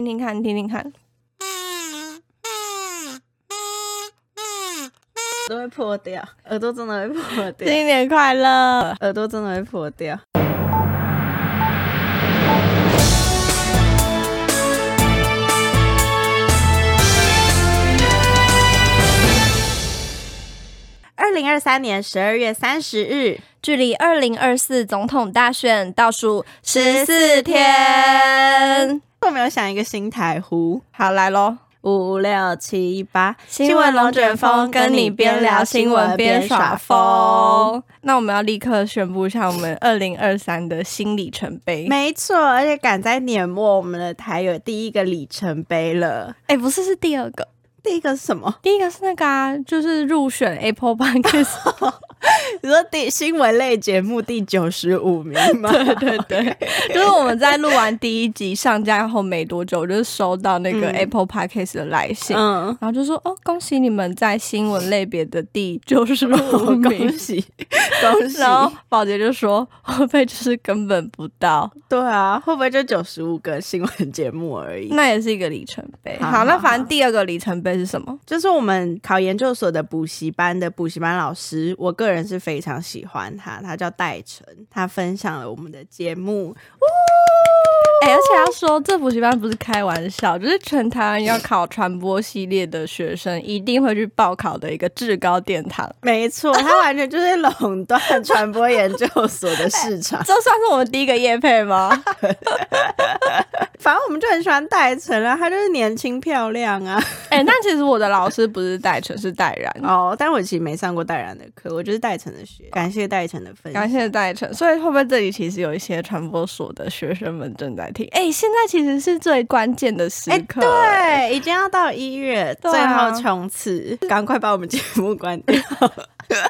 聽聽看，聽聽看，都會破掉，耳朵真的會破掉。新年快樂，耳朵真的會破掉。二零二三年十二月三十日，距離二零二四總統大選倒數十四天。我沒有想一個新台呼，好來嘍，五六七八新聞龍捲風，跟你邊聊新聞邊耍瘋。那我們要立刻宣布一下，我們二零二三的新里程碑。 沒錯，而且趕在年末，我們的台有第一個里程碑了。哎、欸，不是，是第二個。第一個是什麼？第一個是那個啊，就是入選 Apple Bank 你說第新聞類節目第九十五名嗎？對對，對 Okay. 就是我們在錄完第一集上架後沒多久，我就收到那個 Apple Podcast 的來信，嗯、然後就說：“哦，恭喜你們在新聞類別的第九十五名，恭喜恭喜。”然後寶潔就說：“會不會就是根本不到？對啊，會不會就九十五個新聞節目而已？那也是一個里程碑。好，好，好，好，那反正第二個里程碑是什麼？就是我們考研究所的補習班的補習班老師，我個。”個人是非常喜歡他，他叫戴晨，他分享了我們的節目，哎、欸，而且他說這補習班不是開玩笑，就是全台灣要考傳播系列的學生一定會去報考的一個至高殿堂。沒錯，他完全就是壟斷傳播研究所的市場。 這算是我們第一個業配嗎？ 反正我們就很喜歡戴辰啊他就是年輕漂亮啊。哎、欸，那其實我的老師不是戴辰，是戴然 哦。但我其實沒上過戴然的課，我就是戴辰的學。感謝戴辰的分享，感謝戴辰。所以後面這裡其實有一些傳播所的學生們正在聽？哎、欸，現在其實是最關鍵的時刻。哎、欸，對，已經要到一月，啊、最後衝刺，趕快把我們節目關掉。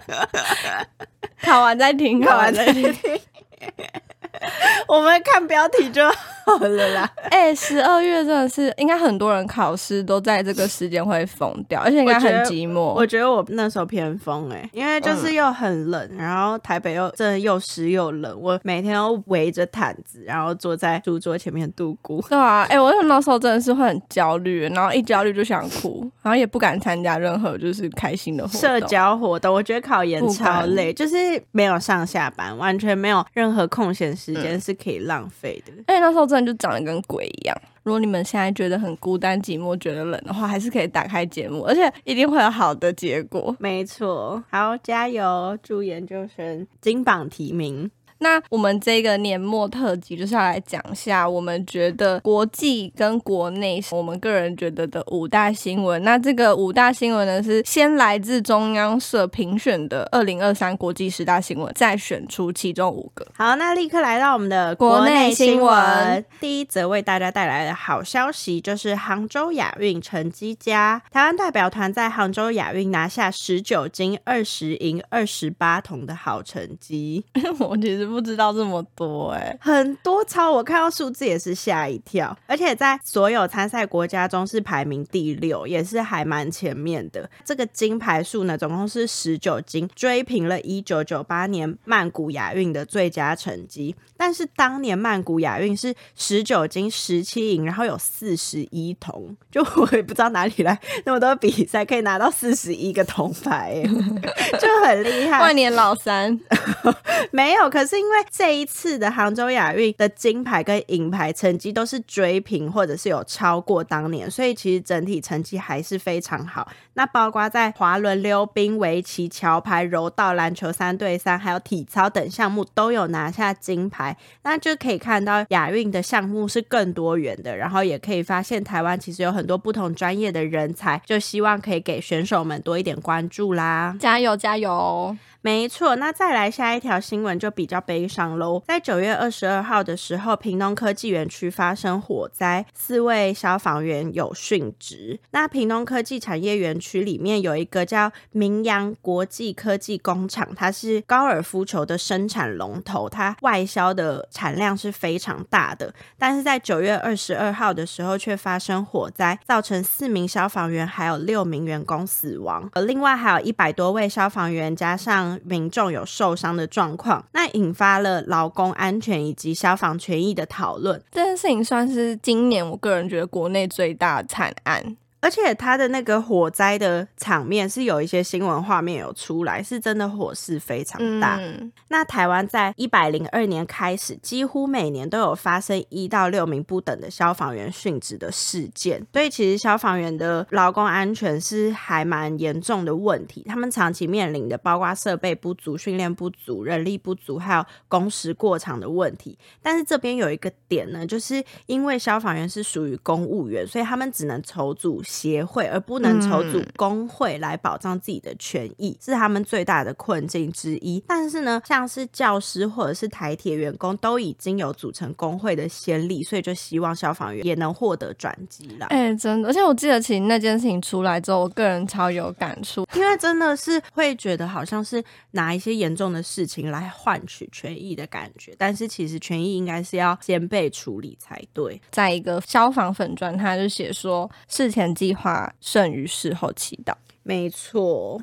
考完再聽，考完再聽。 我們看標題就好了啦、 欸。哎，十二月真的是，應該很多人考試都在這個時間會瘋掉，而且應該很寂寞我。我覺得我那時候偏瘋哎、欸，因為就是又很冷，嗯、然後台北又真的又濕又冷，我每天都圍着毯子，然後坐在書桌前面度過。對啊，哎、欸，我那時，那時候真的是會很焦慮，然後一焦慮就想哭，然後也不敢參加任何就是開心的活動、社交活動。我覺得考研超累，管就是沒有上下班，完全沒有任何空閒時。時間是可以浪費的、嗯，而且那時候真的就長得跟鬼一樣。如果你們現在覺得很孤單、寂寞、覺得冷的話，還是可以打開節目，而且一定會有好的結果。沒錯，好，加油，祝研究生金榜題名。那我們這個年末特輯就是要來講一下我們覺得國際跟國內，我們個人覺得的五大新聞。那這個五大新聞呢，是先來自中央社評選的二零二三國際十大新聞，再選出其中五個。好，那立刻來到我們的國內新聞。新聞第一則為大家帶來的好消息，就是杭州亞運成績佳，台灣代表團在杭州亞運拿下十九金、二十銀、二十八銅的好成績。 我覺得。不知道這麼多哎、欸，很多超我看到數字也是嚇一跳，而且在所有參賽國家中是排名第六，也是還蠻前面的。這個金牌數呢，總共是十九金，追平了一九九八年曼谷亞運的最佳成績。但是當年曼谷亞運是十九金十七銀，然後有四十一銅，就我也不知道哪裡來那麼多比賽可以拿到四十一個銅牌、欸， 就很厲害。萬年老三 沒有，可是。因為這一次的杭州亞運的金牌跟銀牌成績都是追平或者是有超過當年，所以其實整體成績還是非常好。那包括在滑輪溜冰、圍棋、橋牌、柔道、籃球三對三，還有體操等項目都有拿下金牌。那就可以看到亞運的項目是更多元的，然後也可以發現台灣其實有很多不同專業的人才，就希望可以給選手們多一點關注啦！加油加油！加油沒錯，那再來下一條新聞就比較悲傷嘍。在九月二十二號的時候，屏東科技園區發生火災，四位消防員有殉職。那屏東科技產業園區裡面有一個叫明陽國際科技工廠，它是高爾夫球的生產龍頭，它外銷的產量是非常大的。但是在九月二十二號的時候卻發生火災，造成四名消防員還有六名員工死亡，而另外還有一百多位消防員加上。民眾有受傷的狀況，那引發了勞工安全以及消防權益的討論。這件事情算是今年我個人覺得國內最大慘案。而且他的那個火災的場面是有一些新聞畫面有出來，是真的火勢非常大。嗯，那台灣在一百零二年開始，幾乎每年都有發生一到六名不等的消防員殉職的事件，所以其實消防員的勞工安全是還蠻嚴重的問題。他們長期面臨的包括設備不足、訓練不足、人力不足，還有工時過長的問題。但是這邊有一個點呢，就是因為消防員是屬於公務員，所以他們只能籌組。協會而不能籌組工會來保障自己的權益，嗯、是他們最大的困境之一。但是呢，像是教師或者是台鐵員工都已經有組成工會的先例，所以就希望消防員也能獲得轉機了。哎、欸，真的，而且我記得其實那件事情出來之後，我個人超有感觸，因為真的是會覺得好像是拿一些嚴重的事情來換取權益的感覺。但是其實權益應該是要先被處理才對。在一個消防粉專，他就寫說事前，計劃勝於事後祈禱。沒錯。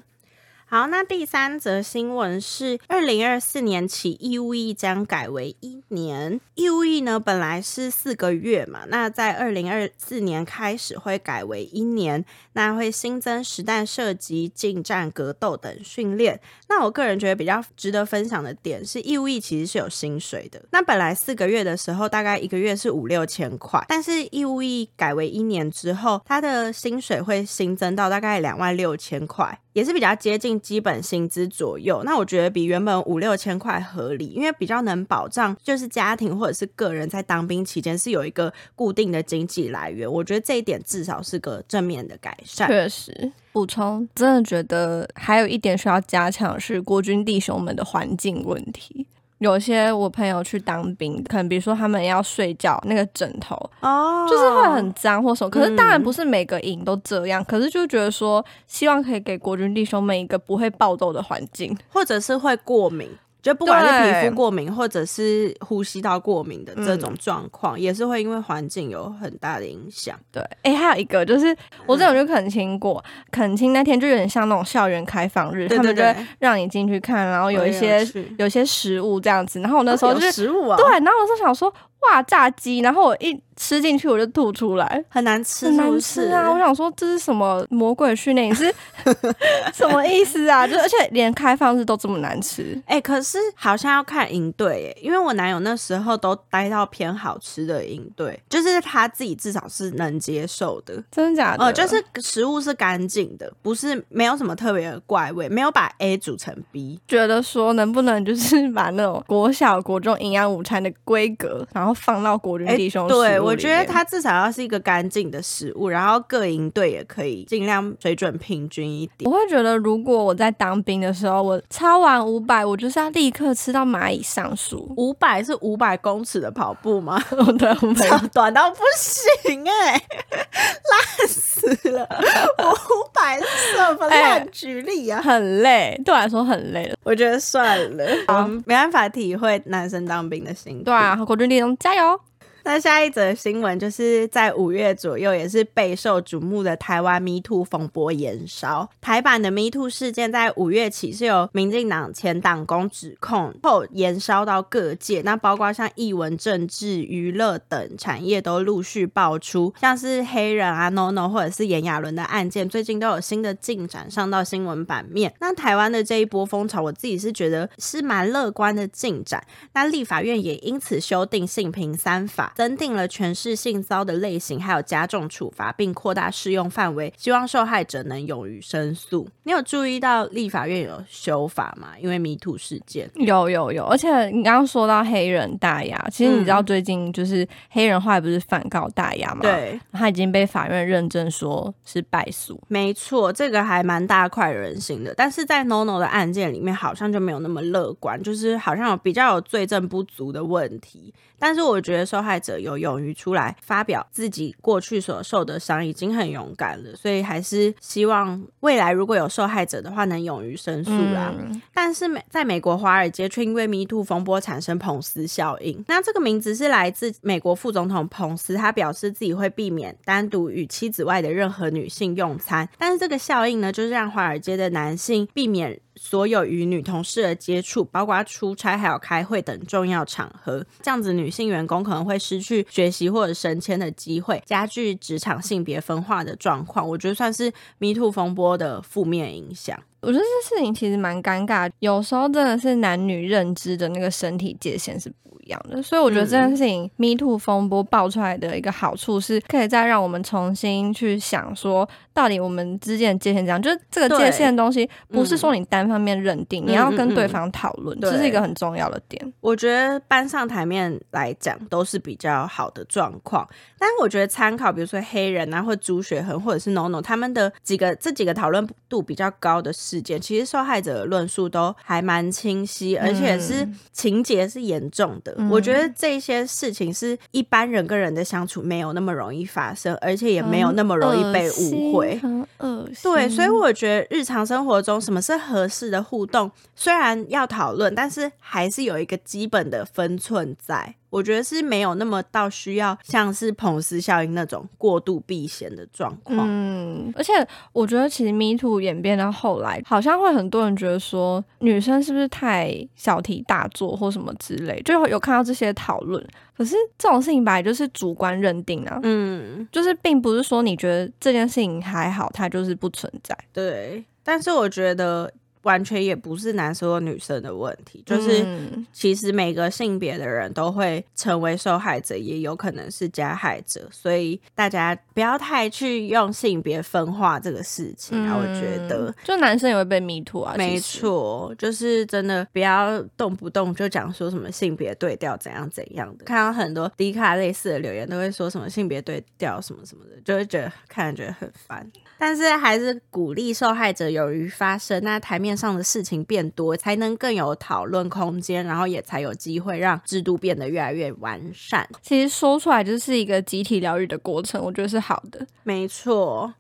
好，那第三則新聞是二零二四年起義務役將改為一年。義務役呢，本來是四個月嘛，那在二零二四年開始會改為一年，那會新增實彈射擊、近戰格鬥等訓練。那我個人覺得比較值得分享的點是義務役其實是有薪水的。那本來四個月的時候，大概一個月是五六千塊，但是義務役改為一年之後，它的薪水會新增到大概兩萬六千塊。也是比較接近基本薪資左右，那我覺得比原本五六千塊合理，因為比較能保障就是家庭或者是個人在當兵期間是有一個固定的經濟來源，我覺得這一點至少是個正面的改善。確實，補充，真的覺得還有一點需要加強是國軍弟兄們的環境問題。有些我朋友去當兵，可能比如說他們要睡覺那個枕頭，oh. 就是會很髒或什麼。可是當然不是每個營都這樣，嗯、可是就覺得說，希望可以給國軍弟兄們一個不會爆痘的環境，或者是會過敏。就不管是皮膚過敏或者是呼吸道過敏的這種狀況，對也是會因為環境有很大的影響。對，誒、欸，還有一個就是我這種就懇親過，懇親、嗯、那天就有點像那種校園開放日，對對對，他們就會讓你進去看，然後有一些有、有一些食物這樣子。然後我那時候就是、哦食物啊、對，然後我就想說。炸炸雞，然後我一吃進去我就吐出來，很難吃是是，很難吃啊！我想說，這是什麼魔鬼訓練，是 什麼意思啊？就而且連開放日都這麼難吃，哎、欸，可是好像要看營隊，因為我男友那時候都待到偏好吃的營隊，就是他自己至少是能接受的，真的假的？哦、呃，就是食物是乾淨的，不是沒有什麼特別的怪味，沒有把 A 組成 B，覺得說能不能就是把那種國小國中營養午餐的規格，然後放到國軍弟兄食物、欸、對我覺得他至少要是一個乾淨的食物，然後各營隊也可以儘量水準平均一點。我會覺得，如果我在當兵的時候，我操完五百，我就是要立刻吃到螞蟻上樹。五百是五百公尺的跑步嗎？ 對，我沒超短到不行哎、欸，爛 死了！五百什麼爛舉例啊、欸？很累，對我來說很累，我覺得算了，啊好，我沒辦法體會男生當兵的心。對啊，國軍弟兄。加油！那下一則新聞就是在五月左右，也是備受矚目的台灣 MeToo 風波延燒。台版的 MeToo 事件在五月起是由民進黨前黨工指控後延燒到各界，那包括像藝文、政治、娛樂等產業都陸續爆出，像是黑人啊、NONO 或者是炎亞綸的案件，最近都有新的進展上到新聞版面。那台灣的這一波風潮，我自己是覺得是蠻樂觀的進展。那立法院也因此修訂性平三法。增訂了權勢性騷的類型，還有加重處罰，並擴大適用範圍，希望受害者能勇於申訴。你有注意到立法院有修法嗎？因為 MeToo 事件，有有有，而且你剛剛說到黑人大牙，其實你知道最近就是黑人壞不是反告大牙嗎？嗯，對，他已經被法院認證說是敗訴，沒錯，這個還蠻大快人心的。但是在 NONO 的案件裡面，好像就沒有那麼樂觀，就是好像有比較有罪證不足的問題。但是我覺得受害者。者有勇於出來發表自己過去所受的傷，已經很勇敢了，所以還是希望未來如果有受害者的話，能勇於申訴啦、啊。嗯、但是美在美國華爾街卻因為 MeToo 風波產生彭斯效應，那這個名字是來自美國副總統彭斯，他表示自己會避免單獨與妻子外的任何女性用餐，但是這個效應呢，就是讓華爾街的男性避免。所有與女同事的接觸，包括出差，還有開會等重要場合，這樣子女性員工可能會失去學習或者升遷的機會，加劇職場性別分化的狀況。我覺得算是 MeToo 風波的負面影響。我覺得這事情其實蠻尷尬，有時候真的是男女認知的那個身體界限是。一樣的，所以我覺得這件事情 Me Too 風波爆出來的一個好處是，可以再讓我們重新去想說，到底我們之間的界限這樣？就是這個界限的東西，不是說你單方面認定，嗯、你要跟對方討論，嗯嗯嗯、這是一個很重要的點。我覺得搬上台面來講，都是比較好的狀況。但我覺得參考，比如說黑人啊，或朱學恆，或者是 Nono 他們的幾個這幾個討論度比較高的事件，其實受害者的論述都還蠻清晰，而且是情節是嚴重的。我覺得這些事情是一般人跟人的相處沒有那麼容易發生，而且也沒有那麼容易被誤會。嗯，噁心，噁心。對，所以我覺得日常生活中什麼是合適的互動，雖然要討論，但是還是有一個基本的分寸在。我覺得是沒有那麼到需要像是彭斯效應那種過度避嫌的狀況。嗯，而且我覺得其實 MeToo 演變到後來，好像會很多人覺得說女生是不是太小題大做或什麼之類，就有看到這些討論。可是這種事情本來，就是主觀認定啊，嗯，就是並不是說你覺得這件事情還好，它就是不存在。對，但是我覺得。完全也不是男生或女生的問題，就是其實每個性別的人都會成為受害者，也有可能是加害者，所以大家不要太去用性別分化這個事情啊。嗯、我覺得，就男生也會被 MeToo 啊，其實。沒錯，就是真的不要動不動就講說什麼性別對調怎樣怎樣的，看到很多 Dcard 類似的留言都會說什麼性別對調什麼什麼的，就會覺得看來覺得很煩。但是還是鼓勵受害者勇於發聲，那台面上的事情變多，才能更有討論空間，然後也才有機會讓制度變得越來越完善。其實說出來就是一個集體療癒的過程，我覺得是好的。沒錯。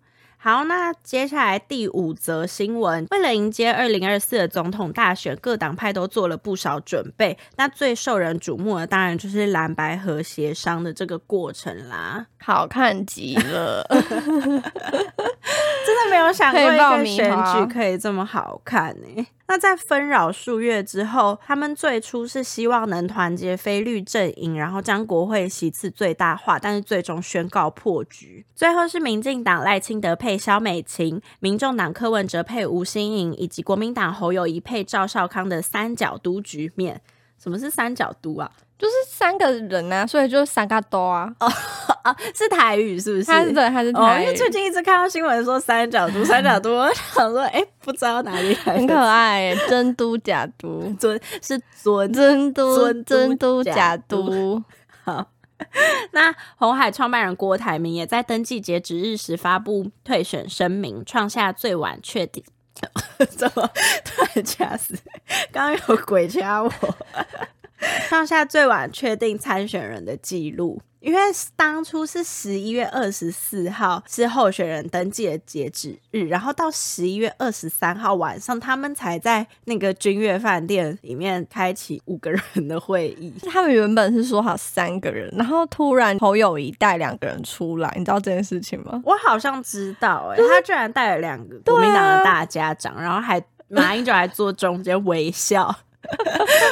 好，那接下來第五則新聞，為了迎接二零二四的總統大選，各黨派都做了不少準備。那最受人矚目的，當然就是藍白合協商的這個過程啦，好看極了， 真的沒有想過一個選舉可以這麼好看呢、欸。那在紛擾數月之後，他們最初是希望能團結非綠陣營，然後將國會席次最大化，但是最終宣告破局。最後是民進黨賴清德配蕭美琴，民眾黨柯文哲配吳欣盈，以及國民黨侯友宜配趙少康的三腳督局面。什麼是三腳督啊？就是三個人啊，所以就三腳督啊。哦哦、啊，是台語是不是？是對、這個，還是台、哦。因為最近一直看到新聞說三腳督，嗯、三腳督，我想說，哎、欸，不知道哪裡來的，很可愛，真都假都，尊是尊，真都尊真尊尊都假都。都假都。好，那鴻海創辦人郭台銘也在登記截止日時發布退選聲明，創下最晚確定。怎 麼突然掐死？剛剛有鬼掐我！ 上下最晚確定參選人的記錄。因為當初是十一月二十四號是候選人登記的截止日，然後到十一月二十三號晚上，他們才在那個君悅飯店裡面開啟五個人的會議。他們原本是說好三個人，然後突然侯友宜帶兩個人出來，你知道這件事情嗎？我好像知道、欸，哎、就是，他居然帶了兩個國民黨的大家長，啊、然後還馬英九還坐中間微笑。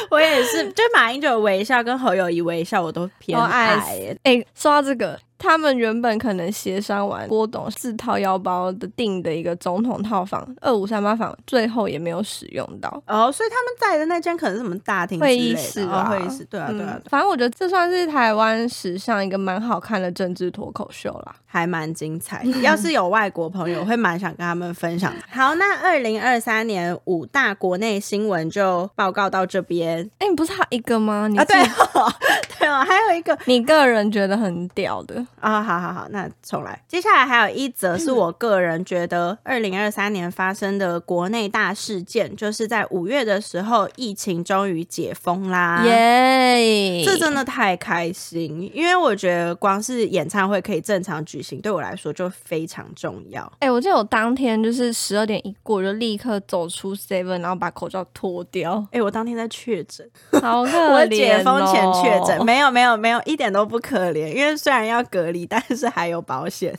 我也是，就馬英九微笑跟侯友宜微笑，我都偏愛、欸。哎、欸，說到這個，他們原本可能協商完，郭董自掏腰包的訂的一個總統套房二五三八房，最後也沒有使用到哦，所以他們在的那間可能是什麼大廳、會議室、會議室。對啊，對啊、對啊、嗯，反正我覺得這算是台灣史上一個蠻好看的政治脫口秀啦，還蠻精彩的。要是有外國朋友，會蠻想跟他們分享。好，那二零二三年五大國內新聞就報告到這邊。哎、欸，你不是還有一個嗎？你啊，對、哦，對哦，還有一個， 你個人覺得很屌的啊？好、哦、好好，那重來。接下來還有一則是我個人覺得二零二三年發生的國內大事件，嗯、就是在五月的時候，疫情終於解封啦！耶 Yeah，這真的太開心，因為我覺得光是演唱會可以正常舉行，對我來說就非常重要。哎、欸，我記得我當天就是十二點一過，我就立刻走出 Seven，然後把口罩脫掉。哎、欸，我當天在去。好可憐哦， 我解封前確診，沒有沒有沒有，一點都不可憐，因為雖然要隔離，但是還有保險。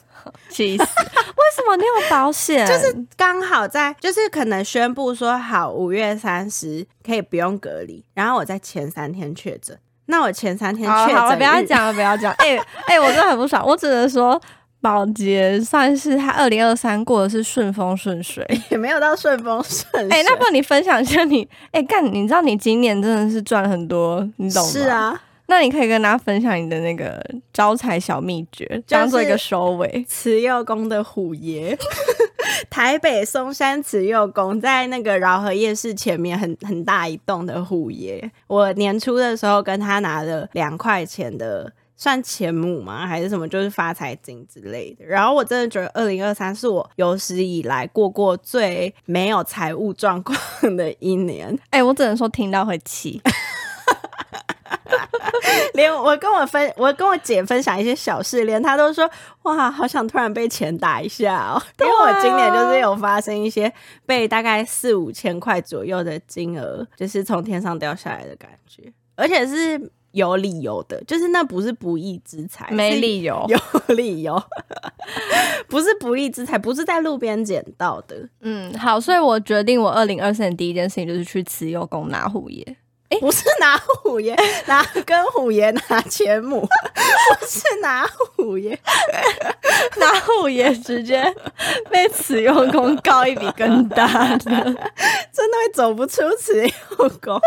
其實為什麼你有保險？就是剛好在，就是可能宣布說好五月三十可以不用隔離，然後我在前三天確診，那我前三天確診。不要講了，不要講。哎哎，我真的很不爽，我只能說。保潔算是他二零二三過的是順風順水，也沒有到順風順水。哎、欸,那不你分享一下你哎幹、欸,你知道你今年真的是賺很多,你懂嗎？是啊,那你可以跟大家分享你的那個招財小秘訣,就是、當做一個收尾、欸。慈祐宮的虎爺, 台北松山慈祐宮在那個饒河夜市前面很很大一棟的虎爺,我年初的時候跟他拿了兩塊錢的。算錢母嗎？還是什麼？就是發財金之類的。然後我真的覺得，二零二三是我有史以來過過最沒有財務狀況的一年。哎、欸，我只能說聽到會氣。 連我跟我分，我跟我姐分享一些小事，連她都說：“哇，好想突然被錢打一下哦。”因為我今年就是有發生一些被大概四五千塊左右的金額，就是從天上掉下來的感覺，而且是。有理由的，就是那不是不義之財，沒理由，有理由， 不是不義之財，不是在路邊撿到的。嗯，好，所以我決定，我二零二四年第一件事情就是去慈祐宮拿虎爺。欸、不是拿虎爺，拿跟虎爺拿錢母， 不是拿虎爺， 拿虎爺直接被慈祐宮告一筆更大的， 真的會走不出慈祐宮。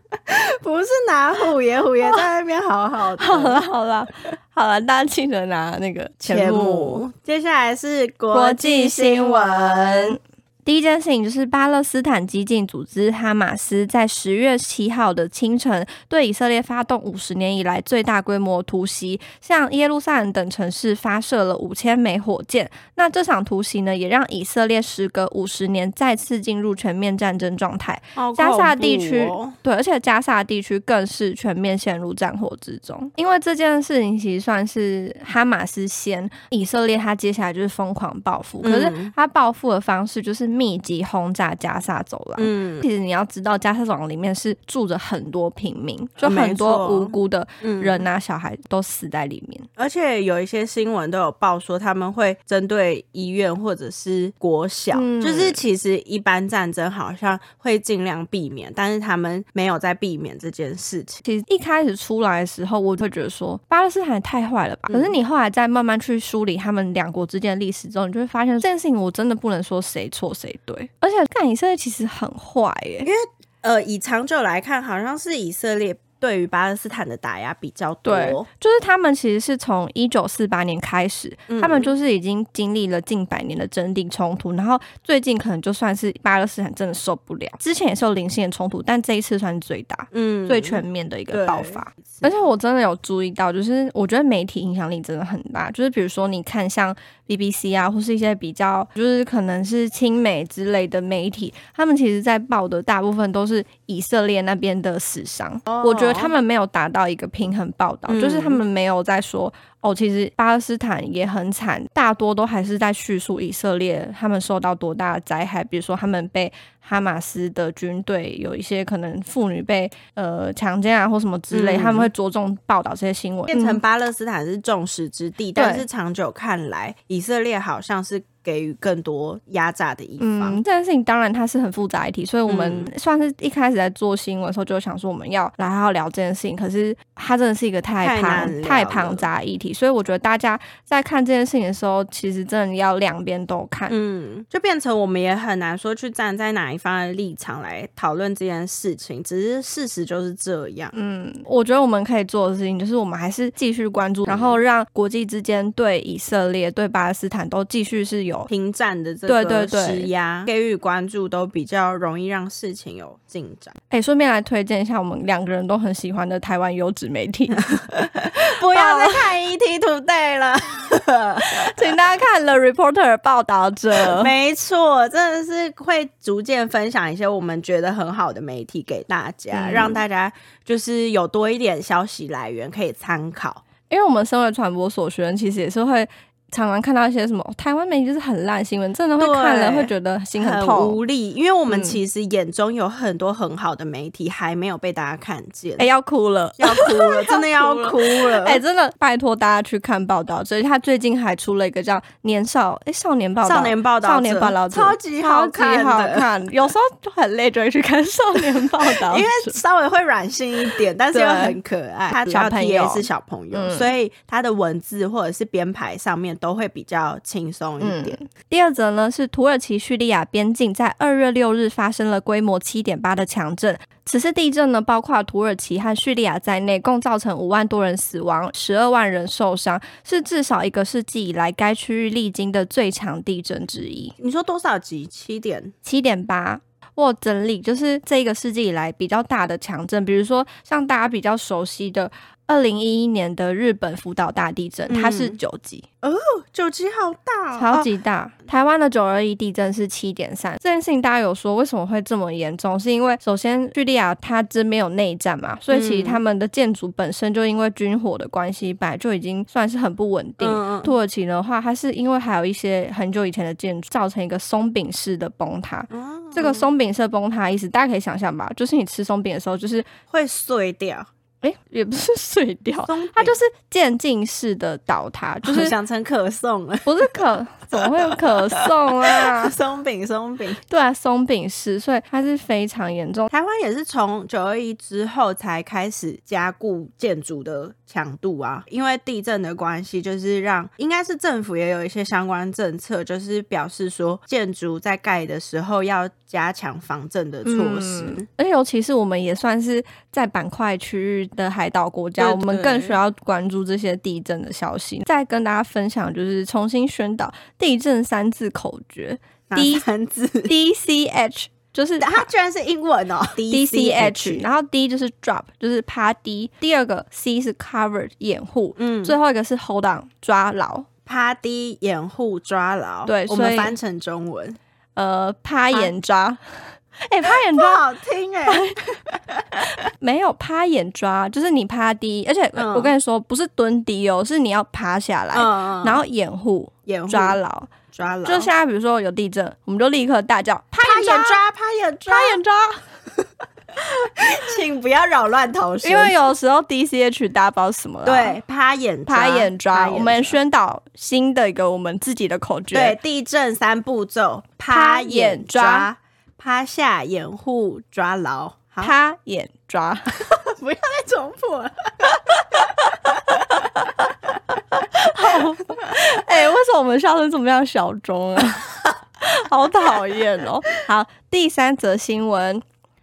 不是拿虎爺，虎爺在那邊好好的。哦、好了好了好了，大家記得拿那個錢母。接下來是國際新聞。第一件事情就是巴勒斯坦激進組織哈馬斯在十月七號的清晨對以色列發動五十年以來最大規模突襲，向耶路撒冷等城市發射了五千枚火箭。那這場突襲呢，也讓以色列時隔五十年再次進入全面戰爭狀態。哦、加薩地區對，而且加薩地區更是全面陷入戰火之中。因為這件事情其實算是哈馬斯先，以色列他接下來就是瘋狂報復，可是他報復的方式就是。密集轟炸加沙走廊。嗯、其實你要知道，加沙走廊裡面是住着很多平民，就很多無辜的人啊，嗯、小孩都死在裡面。而且有一些新聞都有報說，他們會針對醫院或者是國小，嗯、就是其實一般戰爭好像會盡量避免，但是他們沒有在避免這件事情。其實一開始出來的時候，我就會覺得說，巴勒斯坦也太壞了吧？嗯、可是你後來再慢慢去梳理他們兩國之間的歷史之後，你就會發現這件事情，我真的不能說誰錯。這一對？而且，看以色列其實很壞耶，因為呃，以長久來看，好像是以色列。對於巴勒斯坦的打壓比較多，對，就是他們其實是從一九四八年開始，他們就是已經經歷了近百年的徵地衝突，然後最近可能就算是巴勒斯坦真的受不了，之前也是有零星的衝突，但這一次算是最大，嗯，最全面的一個爆發。而且我真的有注意到，就是我覺得媒體影響力真的很大，就是比如說你看像 BBC 啊，或是一些比較就是可能是親美之類的媒體，他們其實，在報的大部分都是以色列那邊的死傷，oh. 我覺得。他們沒有達到一個平衡報導，嗯、就是他們沒有在說。哦，其實巴勒斯坦也很慘，大多都還是在敘述以色列他們受到多大的災害，比如說他們被哈馬斯的軍隊，有一些可能婦女被呃強姦啊或什麼之類，嗯、他們會着重報道這些新聞。變成巴勒斯坦是眾矢之的，嗯、但是長久看來，以色列好像是給予更多壓榨的一方。嗯，這件事情當然它是很複雜議題，所以我們算是一開始在做新聞的時候就想說我們要然後聊這件事情，可是它真的是一個太龐太龐雜議題。所以我覺得大家在看這件事情的時候，其實真的要兩邊都看，嗯，就變成我們也很難說去站在哪一方的立場來討論這件事情。只是事實就是這樣，嗯，我覺得我們可以做的事情就是我們還是繼續關注，然後讓國際之間對以色列、對巴勒斯坦都繼續是有停戰的這個，對對對，施壓給予關注，都比較容易讓事情有進展。哎，順便來推薦一下我們兩個人都很喜歡的台灣優質媒體， 不要再看一。T a day 了， 請大家看了《The Reporter》報導者， 沒錯，真的是會逐漸分享一些我們覺得很好的媒體給大家，嗯、讓大家就是有多一點消息來源可以參考。因為我們身為傳播所學生，其實也是會。常常看到一些什麼台灣媒體就是很爛新聞，真的會看了會覺得心很痛很無力。因為我們其實眼中有很多很好的媒體、嗯、還沒有被大家看見。哎、欸，要哭了，要哭了， 真的要哭了。哎、欸，真的拜託大家去看報道。所以他最近還出了一個叫《年少哎、欸、少年報少年報道少年報道》，超級好看，超級好看。有時候就很累，就會去看少年報道， 因為稍微會軟性一點，但是又很可愛。對他小朋友是小朋友，嗯、所以他的文字或者是編排上面。都會比較輕鬆一點。嗯，第二則呢是土耳其敘利亞邊境在二月六日發生了規模七點八的強震。此次地震呢，包括土耳其和敘利亞在內，共造成五萬多人死亡，十二萬人受傷，是至少一個世紀以來該區域歷經的最強地震之一。你說多少級？七點？七點八？我整理就是這一個世紀以來比較大的強震，比如說像大家比較熟悉的。二零一一年的日本福島大地震，嗯、它是九級哦，九級好大、哦，超級大。哦、台灣的九二一地震是七點三。這件事情大家有說為什麼會這麼嚴重？是因為首先敘利亞它這邊有內戰嘛，所以其實他們的建築本身就因為軍火的關係，本來就已經算是很不穩定。嗯、土耳其的話，它是因為還有一些很久以前的建築，造成一個鬆餅式的崩塌。嗯、這個鬆餅式崩塌的意思大家可以想象吧，就是你吃鬆餅的時候，就是會碎掉。哎、欸，也不是碎掉，肥它就是漸進式的倒塌，就是、啊、想成可頌了、啊，不是可。 怎麼會有可頌啊？ 鬆餅，鬆餅，對啊，鬆餅是，所以它是非常嚴重。台灣也是從九二一之後才開始加固建築的強度啊，因為地震的關係，就是讓應該是政府也有一些相關政策，就是表示說建築在蓋的時候要加強防震的措施、嗯。而且尤其是我們也算是在板塊區域的海島國家，對對對，我們更需要關注這些地震的消息。再跟大家分享，就是重新宣導。地震三字口訣，哪三字 D C H，就是它居然是英文哦，D C H， 然後 D 就是 drop，就是趴低，第二個 C 是 covered 掩護，嗯，最後一個是 hold on 抓牢，趴低掩護抓牢，對，我們翻成中文，呃，趴掩抓。爬 哎，趴眼抓好聽哎，沒有趴眼抓，就是你趴低，而且我跟你說，不是蹲低哦，是你要趴下來，然後掩護、抓牢、抓牢。就現在，比如說有地震，我們就立刻大叫趴眼抓、趴眼抓、趴眼抓，請不要擾亂同學，因為有時候 D C H 大家不知道什麼了？對，趴眼趴眼抓，我們宣導新的一個我們自己的口訣：對，地震三步驟，趴眼抓。趴下掩護，抓牢，好趴掩抓， 不要再重複了。 好，哎、欸，為什麼我們笑得怎麼樣，小鍾啊，好討厭哦。好，第三則新聞。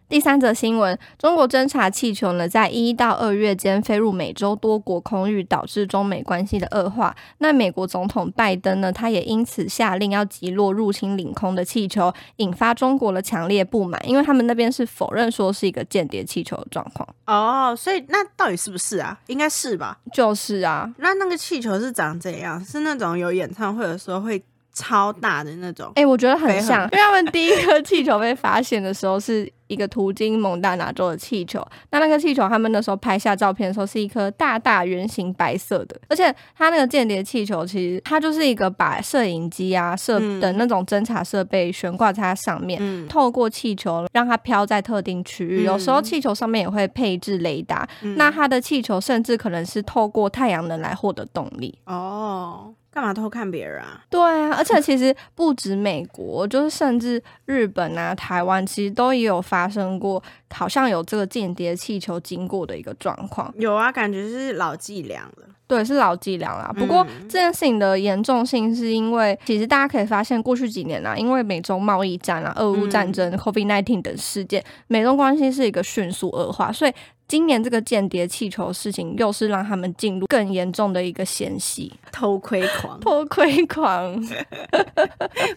第三則新聞：中國偵察氣球呢，在一到二月間飛入美洲多國空域，導致中美關係的惡化。那美國總統拜登呢，他也因此下令要擊落入侵領空的氣球，引發中國的強烈不滿，因為他們那邊是否認說是一個間諜氣球的狀況。哦，oh, 所以那到底是不是啊？應該是吧？就是啊。那那個氣球是長怎樣？是那種有演唱會的時候會超大的那種？誒，我覺得很像，被很 因為他們第一個氣球被發現的時候是。一個途經蒙大拿州的氣球，那那個氣球，他們那時候拍下照片的時候，是一顆大大圓形白色的，而且它那個間諜氣球，其實它就是一個把攝影機啊攝的那種偵察設備懸掛在它上面，嗯、透過氣球讓它飄在特定區域，嗯、有時候氣球上面也會配置雷達，嗯、那它的氣球甚至可能是透過太陽能來獲得動力哦。幹嘛偷看別人啊？對啊，而且其實不止美國，就是甚至日本啊、台灣，其實都也有發生過，好像有這個間諜氣球經過的一個狀況。有啊，感覺是老伎倆了。對，是老伎倆啦。不過這件事情的嚴重性，是因為、嗯、其實大家可以發現，過去幾年啊，因為美中貿易戰啊、俄烏戰爭、COVID-19 等事件，嗯、美中關係是一個迅速惡化，所以。今年這個間諜氣球事情，又是讓他們進入更嚴重的一個嫌隙。偷窺狂，偷窺窺狂，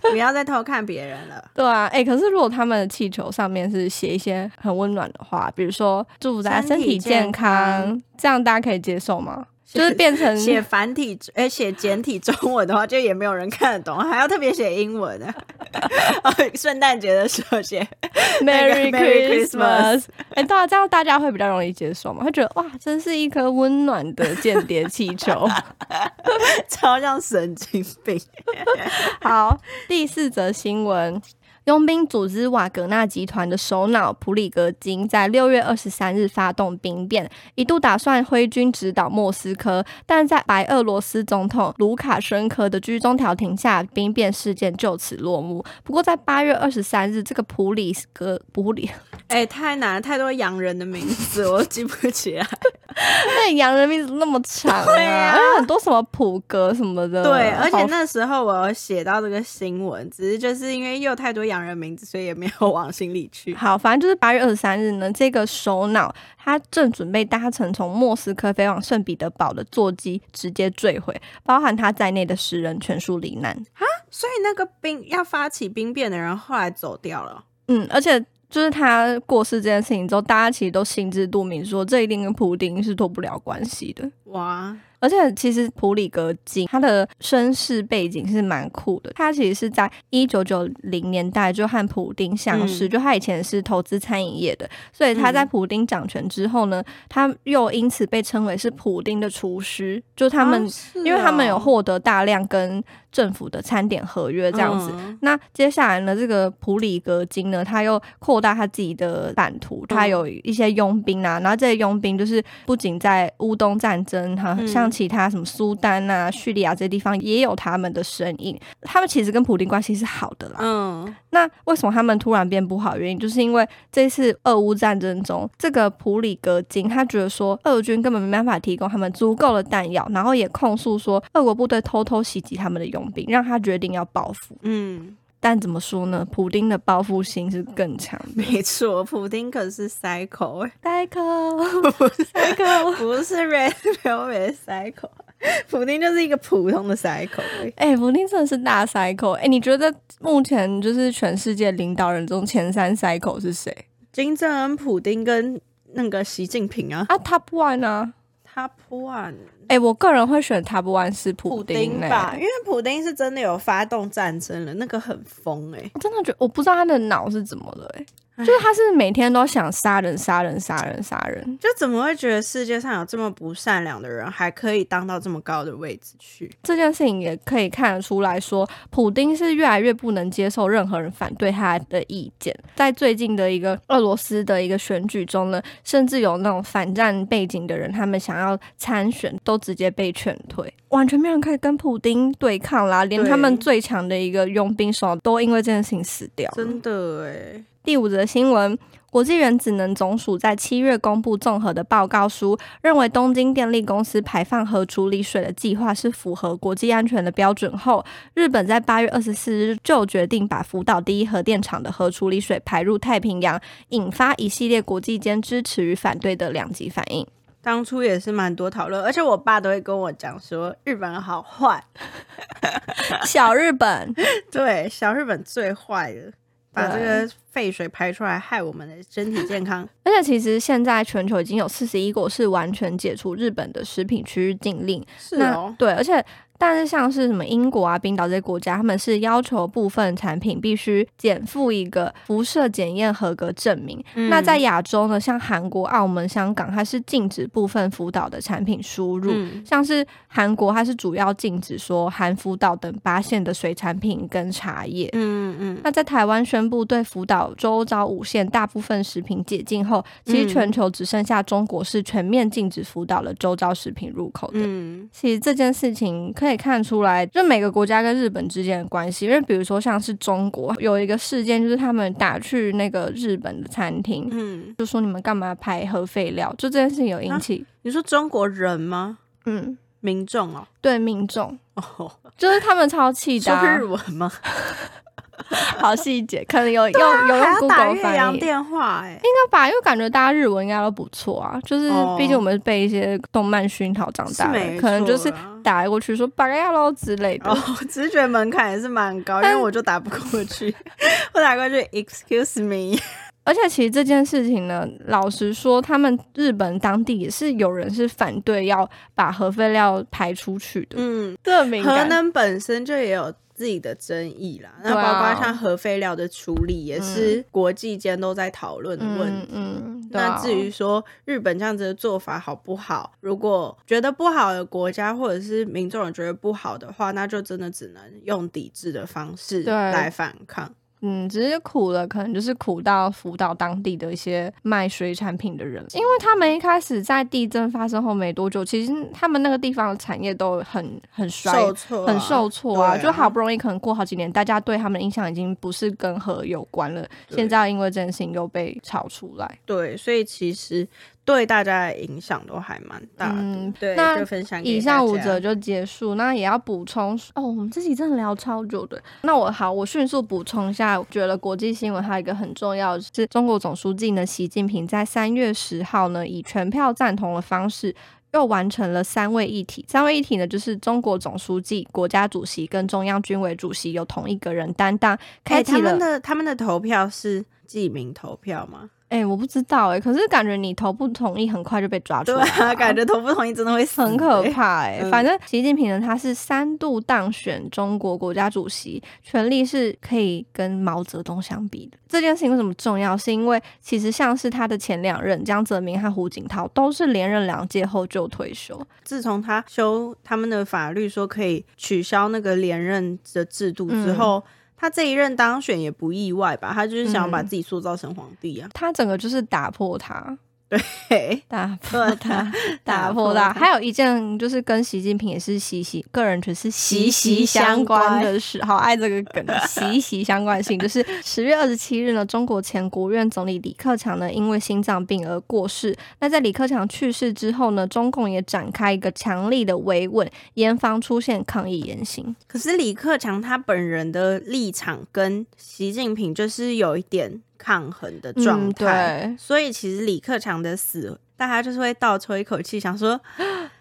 不 要再偷看別人了。對啊，哎、欸，可是如果他們的氣球上面是寫一些很溫暖的話，比如說祝福大家身體健康，健康，這樣大家可以接受嗎？就是變成寫繁體，哎、欸，寫簡體中文的話，就也沒有人看得懂，還要特別寫英文呢。啊，聖誕節的時候寫，Merry Christmas，哎、欸，對啊，這樣大家會比較容易接受嘛？會覺得哇，真是一顆溫暖的間諜氣球， 超像神經病。 好，第四則新聞。傭兵組織瓦格納集團的首腦普里格金在六月二十三日發動兵變，一度打算揮軍直搗莫斯科，但在白俄羅斯總統盧卡申科的居中調停下，兵變事件就此落幕。不過在八月二十三日，這個普里格普里，哎、欸，太難，太多洋人的名字，我記不起來。 那你洋人名字那麼長啊，對啊，很多什麼普格什麼的。對，好而且那時候我有寫到這個新聞，只是就是因為又太多洋。兩人名字，所以也沒有往心裡去。好，反正就是八月二十三日呢，這個首腦他正準備搭乘從莫斯科飛往聖彼得堡的座機，直接墜毀，包含他在內的十人全數罹難。啊，所以那個兵要發起兵變的人後來走掉了。嗯，而且就是他過世這件事情之後，大家其實都心知肚明說，說這一定跟普丁是脫不了關係的。哇！而且其實普里格金他的身世背景是蠻酷的，他其實是在一九九零年代就和普丁相識，嗯、就他以前是投資餐飲業的，所以他在普丁掌權之後呢，嗯、他又因此被稱為是普丁的廚師，就他們，啊是啊，因為他們有獲得大量跟政府的餐點合約這樣子。嗯、那接下來呢，這個普里格金呢，他又擴大他自己的版圖，他有一些傭兵啊，然後這些傭兵就是不僅在烏東戰爭哈像。其他什麼蘇丹啊、敘利亞這些地方也有他們的身影，他們其實跟普丁關係是好的啦。嗯、哦，那為什麼他們突然變不好？原因就是因為這次俄烏戰爭中，這個普里格金他覺得說，俄軍根本沒辦法提供他們足夠的彈藥，然後也控訴說，俄國部隊偷偷襲擊他們的傭兵，讓他決定要報復。嗯。但怎麼說呢？普丁的報復心是更強、嗯。沒錯，普丁可是 psycho，psycho 不是 psycho， 不是 Red Velvet psycho。 普丁就是一個普通的 psycho。哎、欸，普丁真的是大 psycho。哎、欸，你覺得目前就是全世界領導人中前三 psycho 是誰？金正恩、普丁跟那個習近平啊？啊，top one 啊？top one。哎、欸，我個人會選 top one 是普丁吧，因為普丁是真的有發動戰爭了，那個很瘋、欸，哎，我真的覺，我不知道他的腦是怎麼了、欸，哎。就是他是每天都想殺人、殺人、殺人、殺人，就怎麼會覺得世界上有這麼不善良的人，還可以當到這麼高的位置去？這件事情也可以看得出來說，普丁是越來越不能接受任何人反對他的意見。在最近的一個俄羅斯的一個選舉中呢，甚至有那種反戰背景的人，他們想要參選都直接被勸退，完全沒有人可以跟普丁對抗啦。連他們最強的一個傭兵手都因為這件事情死掉。真的哎、欸。第五則新聞：國際原子能總署在七月公布綜合的報告書，認為東京電力公司排放核處理水的計劃是符合國際安全的標準後，日本在八月二十四日就決定把福島第一核電廠的核處理水排入太平洋，引發一系列國際間支持與反對的兩極反應。當初也是蠻多討論，而且我爸都會跟我講說，日本好壞， 小日本， 對，小日本最壞了。把這個廢水排出來，害我們的身體健康。對 而且，其實現在全球已經有四十一國是完全解除日本的食品區域禁令。是哦，對。而且，但是像是什麼英國啊、冰島這些國家，他們是要求部分產品必須減負一個輻射檢驗合格證明。嗯、那在亞洲呢，像韓國、澳門、香港，它是禁止部分福島的產品輸入。嗯、像是韓國，它是主要禁止說含福島等八縣的水產品跟茶葉。嗯。嗯，那在台灣宣布對福島周遭五縣大部分食品解禁後，嗯、其實全球只剩下中國是全面禁止福島的周遭食品入口的。嗯，其實這件事情可以看出來，就每個國家跟日本之間的關係，因為比如說像是中國有一個事件，就是他們打去那個日本的餐廳，嗯，就說你們幹嘛排核廢料？就這件事情有引起你說中國人嗎？嗯，民眾哦，對民眾哦，oh. 就是他們超氣的，收是日文嗎？ 好細節，可能有、啊、有有用 Google 翻譯。應該吧？因為感覺大家日文應該都不錯啊。就是畢竟我們是被一些動漫熏陶長大，哦、可能就是打過去說“八嘎呀嘍”之類的。哦、我直覺門檻也是蠻高，因為我就打不過去， 我打過去 “Excuse me”。而且其實這件事情呢，老實說，他們日本當地也是有人是反對要把核廢料排出去的。嗯，很敏感。核能本身就也有。自己的爭議啦，那包括像核廢料的處理也是國際間都在討論的問題。啊、那至於說日本這樣子的做法好不好，如果覺得不好的國家或者是民眾覺得不好的話，那就真的只能用抵制的方式來反抗。嗯，只是苦了，可能就是苦到福島當地的一些賣水產品的人，因為他們一開始在地震發生後沒多久，其實他們那個地方的產業都很很衰，受挫啊、很受挫啊，啊就好不容易可能過好幾年，大家對他們印象已經不是跟核有關了，對現在因為這件事情又被炒出來，對，所以其實。對大家的影響都還蠻大。嗯，對，那就分享給大家以上五則就結束。那也要補充哦，我們自己真的聊超久的。那我好，我迅速補充一下，我覺得國際新聞還有一個很重要的是， 中國總書記呢習近平在三月十號呢以全票贊同的方式又完成了三位一體。三位一體呢就是中國總書記、國家主席跟中央軍委主席有同一個人擔當。開哎，他們的他們的投票是記名投票嗎？哎，我不知道哎、欸，可是感覺你投不同意很快就被抓出來。啊。對，感覺投不同意真的會死很可怕哎、欸。嗯、反正習近平呢，他是三度當選中國國家主席，權力是可以跟毛澤東相比的。這件事情為什麼重要？是因為其實像是他的前兩任江澤民和胡錦濤都是連任兩屆後就退休。自從他修他們的法律，說可以取消那個連任的制度之後，嗯他這一任當選也不意外吧？他就是想要把自己塑造成皇帝啊。嗯，他整個就是打破他。對，大破打破他，大破他打破他。還有一件就是跟習近平也是息息個人就習，全是息息相關的事。好愛這個梗，息息 相關性就是十月二十七日呢，中國前國務院總理李克強呢因為心臟病而過世。那在李克強去世之後呢，中共也展開一個強力的維穩，嚴防出現抗議言行。可是李克強他本人的立場跟習近平就是有一點。抗衡的狀態，嗯、所以其實李克強的死，大家就是會倒抽一口氣，想說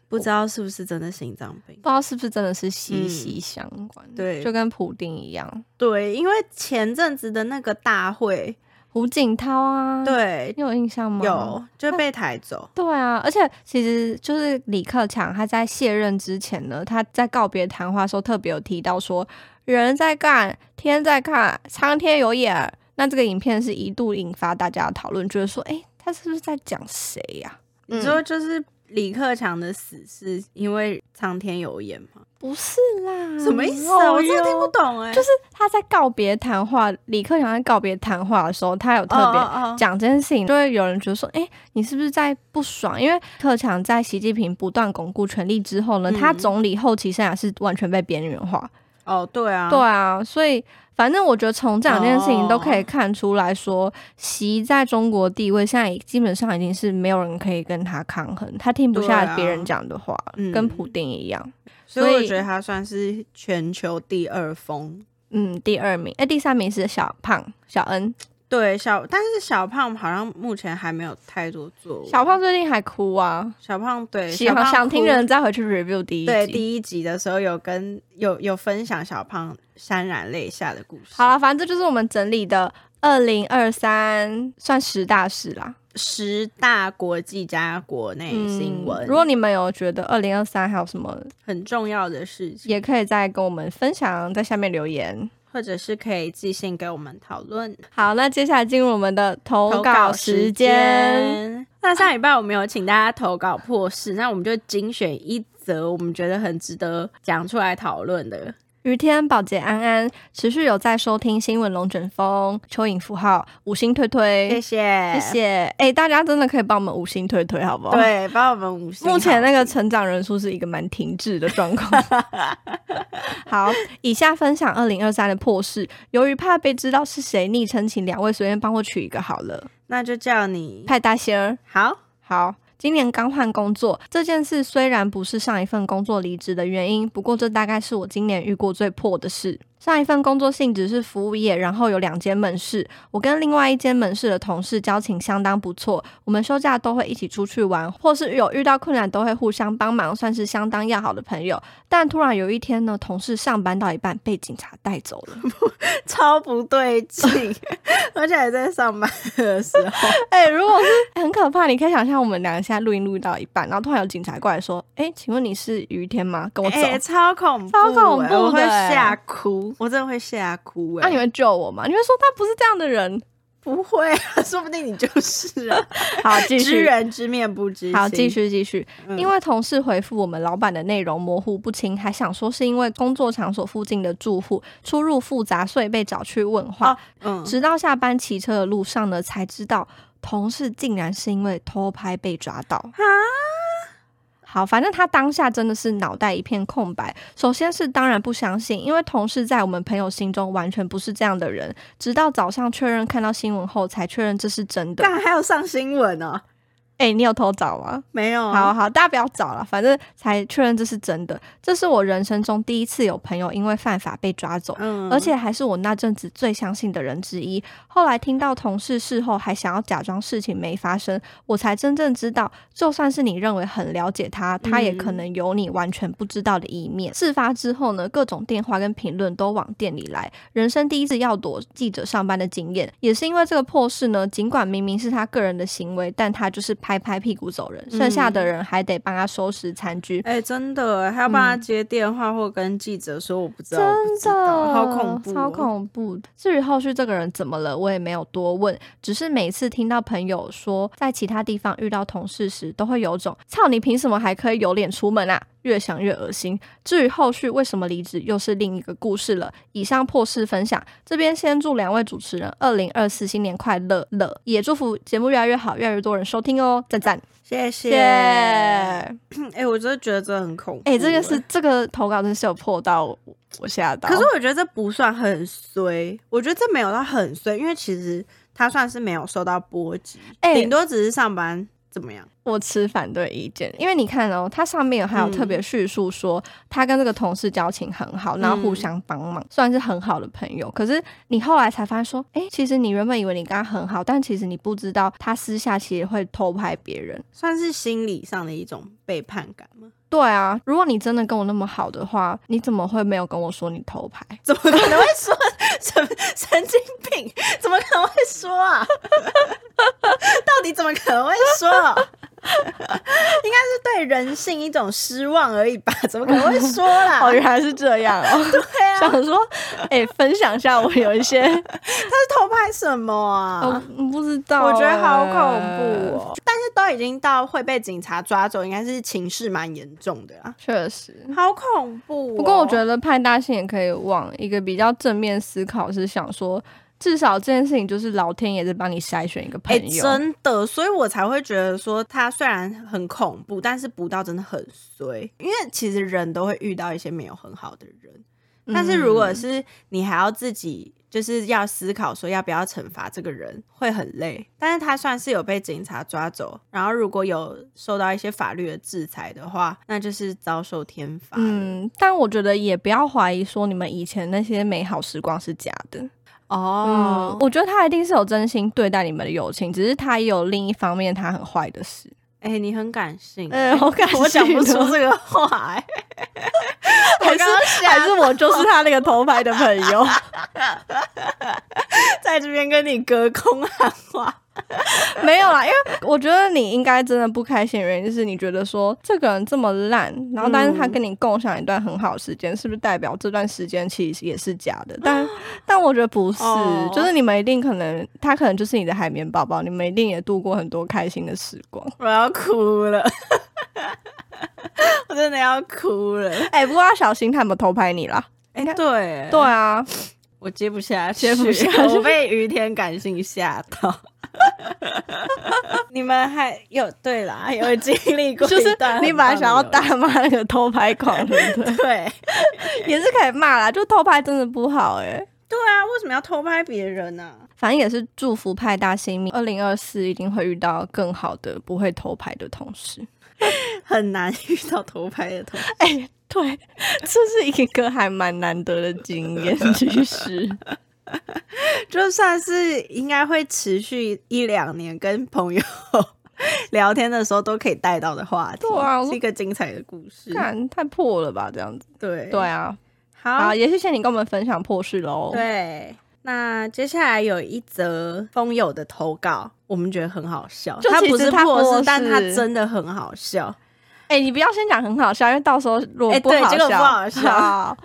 不知道是不是真的是心臟病，不知道是不是真的是息息相關，嗯、對，就跟普丁一樣，對，因為前陣子的那個大會，胡錦濤啊，對，你有印象嗎？有，就被抬走、啊，對啊，而且其實就是李克強他在卸任之前呢，他在告別談話的時候特別有提到說，人在幹，天在看，蒼天有眼。那這個影片是一度引發大家討論，覺、就、得、是、說，哎、欸，他是不是在講誰呀、啊？你、嗯、說就是李克強的死是因為蒼天有眼嗎？不是啦，什麼意思啊？我真的聽不懂哎。就是他在告別談話，李克強在告別談話的時候，他有特別講這件事情，哦哦哦就會有人覺得說，哎、欸，你是不是在不爽？因為李克強在習近平不斷鞏固權力之後呢，嗯、他總理後期生涯是完全被邊緣化。哦，oh, 對啊，對啊，所以反正我覺得從這兩件事情都可以看出來說，oh. 習在中國地位現在基本上已經是沒有人可以跟他抗衡，他聽不下別人講的話，啊嗯、跟普丁一樣，所以我覺得他算是全球第二瘋，嗯，第二名，哎，第三名是小胖小恩。對小，但是小胖好像目前還沒有太多做。小胖最近還哭啊！小胖對，喜歡想聽人再回去 review 第一。對，第一集的時候有跟有有分享小胖潸然淚下的故事。好了，反正這就是我們整理的二零二三算十大事啦，十大國際加國內新聞。嗯，如果你們有覺得二零二三還有什麼很重要的事情，也可以再跟我們分享，在下面留言。或者是可以寄信給我們討論。好，那接下來進入我們的投稿時間。時間，那上禮拜我們有請大家投稿破事，啊，那我們就精選一則我們覺得很值得講出來討論的。雨天、寶潔安安，持續有在收聽新聞，龍捲瘋、蚯蚓符號、五星推推，謝謝謝謝，哎、欸，大家真的可以幫我們五星推推，好不好？對，幫我們五星。目前那個成長人數是一個蠻停滯的狀況。 好，以下分享二零二三的破事。由於怕被知道是誰，昵稱請兩位隨便幫我取一個好了，那就叫你派大星兒。好，好。今年剛換工作，這件事雖然不是上一份工作離職的原因，不過這大概是我今年遇過最破的事。上一份工作性質是服務業，然後有兩間門市，我跟另外一間門市的同事交情相當不錯，我們休假都會一起出去玩，或是有遇到困難都會互相幫忙，算是相當要好的朋友。但突然有一天呢，同事上班到一半被警察帶走了， 超不對勁， 而且還在上班的時候。哎、 欸，如果是、欸、很可怕，你可以想象，我們兩個現在錄音錄到一半，然後突然有警察過來說：“哎、欸，請問你是於天嗎？跟我走。欸”，超恐怖、欸，超恐怖的、欸，我會嚇哭。我真的會嚇哭、欸，那、啊、你們救我嗎？你會說他不是這樣的人？不會啊，說不定你就是啊。 好，繼續。知人知面不知心。好，繼續繼續。嗯、因為同事回復我們老板的內容模糊不清，還想說是因為工作場所附近的住戶出入複雜，所以被找去問話。哦嗯、直到下班騎車的路上呢，才知道同事竟然是因為偷拍被抓到啊。好，反正他當下真的是腦袋一片空白。首先是當然不相信，因為同事在我們朋友心中完全不是這樣的人。直到早上確認看到新聞後，才確認這是真的。竟然還要上新聞呢、哦！哎、欸，你有偷找嗎？沒有。好、好好，大家不要找了，反正才確認這是真的。這是我人生中第一次有朋友因為犯法被抓走，嗯、而且還是我那陣子最相信的人之一。後來聽到同事事後還想要假裝事情沒發生，我才真正知道，就算是你認為很了解他，他也可能有你完全不知道的一面。事、嗯、發之後呢，各種電話跟評論都往店裡來，人生第一次要躲記者上班的經驗，也是因為這個破事呢。儘管明明是他個人的行為，但他就是怕。拍拍屁股走人，剩下的人還得幫他收拾殘局。哎、嗯欸，真的還要幫他接電話或跟記者說，我不知道。嗯、真的，好恐怖、哦，好恐怖的。至於後續這個人怎麼了，我也沒有多問。只是每次聽到朋友說在其他地方遇到同事時，都會有種操你憑什麼還可以有臉出門啊？越想越噁心。至於後續為什麼離職，又是另一個故事了。以上破事分享，這邊先祝兩位主持人二零二四新年快樂了，也祝福節目越來越好，越來越多人收聽哦。贊贊，讚讚謝謝。哎 Yeah.、欸，我真的覺得這很恐怖、欸。哎、欸，這個是這個投稿，真是有破到我嚇到。可是我覺得這不算很衰，我覺得這沒有到很衰，因為其實他算是沒有受到波及，哎、欸，頂多只是上班怎麼樣。我持反對意見，因為你看哦、喔，他上面還有特別敘述說，嗯、他跟這個同事交情很好，然後互相幫忙，嗯、算是很好的朋友。可是你後來才發現說，哎、欸，其實你原本以為你跟他很好，但其實你不知道他私下其實會偷拍別人，算是心理上的一種背叛感嗎？對啊，如果你真的跟我那麼好的話，你怎麼會沒有跟我說你偷拍？怎麼可能會說神神經病？怎麼可能會說啊？ 到底怎麼可能會說？ 應該是對人性一種失望而已吧，怎麼可能會說啦？ 哦，原來是這樣哦。 對啊，想說，哎、欸，分享一下我有一些。他 是偷拍什麼啊？哦、不知道、啊，我覺得好恐怖、哦。但是都已經到會被警察抓走，應該是情勢蠻嚴重的啊。確實，好恐怖、哦。不過我覺得派大星也可以往一個比較正面思考，是想說。至少這件事情就是老天爺在幫你篩選一個朋友、欸，真的，所以我才會覺得說他雖然很恐怖，但是不到真的很衰。因為其實人都會遇到一些沒有很好的人，但是如果是你還要自己就是要思考說要不要懲罰這個人，會很累。但是他算是有被警察抓走，然後如果有受到一些法律的制裁的話，那就是遭受天罰。嗯，但我覺得也不要懷疑說你們以前那些美好時光是假的。哦、oh. 嗯，我覺得他一定是有真心對待你們的友情，只是他也有另一方面他很壞的事。哎、欸，你很感性，呃、欸，感我感我講不出這個話、欸， 剛剛還是還是我就是他那個頭牌的朋友， 在這邊跟你隔空喊話。 沒有啦，因為我覺得你應該真的不開心，原因就是你覺得說這個人這麼爛，然後但是他跟你共享一段很好的時間，嗯、是不是代表這段時間其實也是假的？嗯、但但我覺得不是，哦、就是你們一定可能他可能就是你的海綿寶寶，你們一定也度過很多開心的時光。我要哭了， 我真的要哭了。哎、欸，不過要小心他有沒有偷拍你啦。哎、欸，對，對啊。我接不下去，接不下去，我被於天感性嚇到。你們還有對啦，有經歷過段，就是你本來想要大罵那個偷拍狂的， 對， 也是可以罵啦，就偷拍真的不好誒、欸。對啊，為什麼要偷拍別人呢、啊？反正也是祝福派大星命，二零二四一定會遇到更好的，不會偷拍的同事， 很難遇到偷拍的同事。欸對，這是一個還蠻難得的經驗，其實，就算是應該會持續一兩年，跟朋友聊天的時候都可以帶到的話題，哇、啊，是一個精彩的故事，看，太破了吧，這樣子，對，對啊，好，好也謝謝你跟我們分享破事嘍。對，那接下來有一則瘋友的投稿，我們覺得很好笑，他不是破事，但他真的很好笑。哎、欸，你不要先講很好笑，因為到時候如果、欸、不好笑，親、這個、好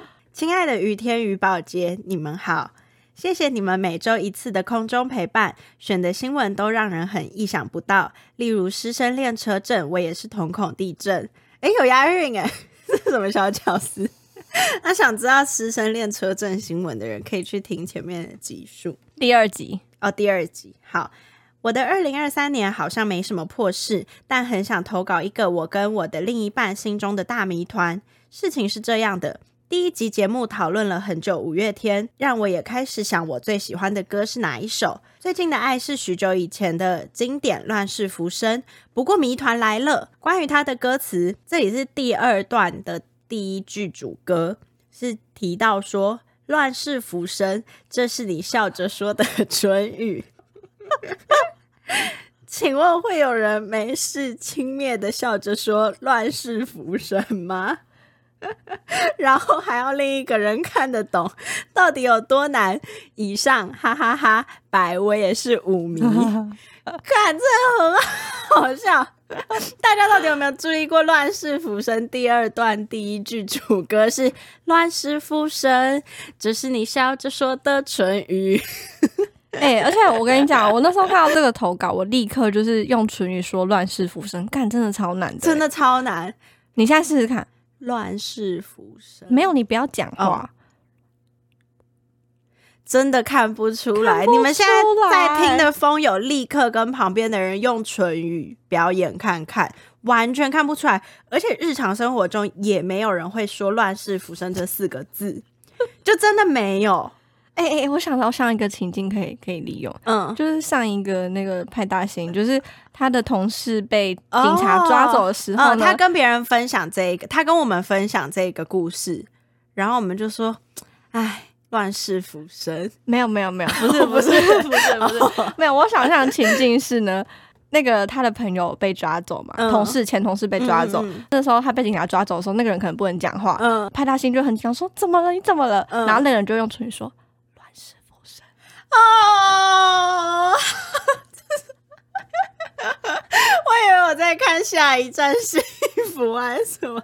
愛的於天寶潔你們好，謝謝你們每周一次的空中陪伴，選的新聞都讓人很意想不到，例如師生練車震，我也是瞳孔地震。哎、欸，有押韻哎，這 是什麼小巧思？那、 啊、想知道師生練車震新聞的人，可以去聽前面的集數第二集哦，第二集好。我的二零二三年好像沒什麼破事，但很想投稿一個我跟我的另一半心中的大謎團。事情是這樣的，第一集節目討論了很久五月天，讓我也開始想我最喜歡的歌是哪一首。最近的愛是許久以前的經典《亂世浮生》，不過謎團來了，關於他的歌詞，這裡是第二段的第一句主歌，是提到說《亂世浮生》，這是你笑着說的唇語。 請問會有人沒事輕蔑的笑着說“亂世浮生”嗎？ 然後還要另一個人看得懂到底有多難？以上哈，哈哈哈，白我也是五迷， 看這很好笑。大家到底有沒有注意過“亂世浮生”第二段第一句主歌是“亂世浮生”，這是你笑着說的唇語。 哎、欸，而且我跟你講，我那時候看到這個投稿，我立刻就是用唇語說“亂世浮生”，看真、欸、真的超難，真的超難。你現在試試看，“亂世浮生”沒有？你不要講話、嗯，真的看不出來。出來，你們現在在聽的瘋友立刻跟旁邊的人用唇語表演看看，完全看不出來。而且日常生活中也沒有人會說“亂世浮生”這四個字，就真的沒有。 哎哎、欸欸，我想到上一個情境可以可以利用，嗯，就是上一個那個派大星，就是他的同事被警察抓走的時候、哦嗯，他跟別人分享這一個，他跟我們分享這個故事，然後我們就說，哎，亂世浮生，沒有沒有沒有，不是不是不是不是，不是不是哦、沒有，我想象的情境是呢，那個他的朋友被抓走嘛，嗯、同事前同事被抓走，嗯嗯、那時候他被警察抓走的時候，那個人可能不能講話，嗯、派大星就很想說怎麼了？你怎麼了？嗯、然後那人就用唇語說。哦，哈哈哈哈哈！我以為我在看下一站幸福啊什麼，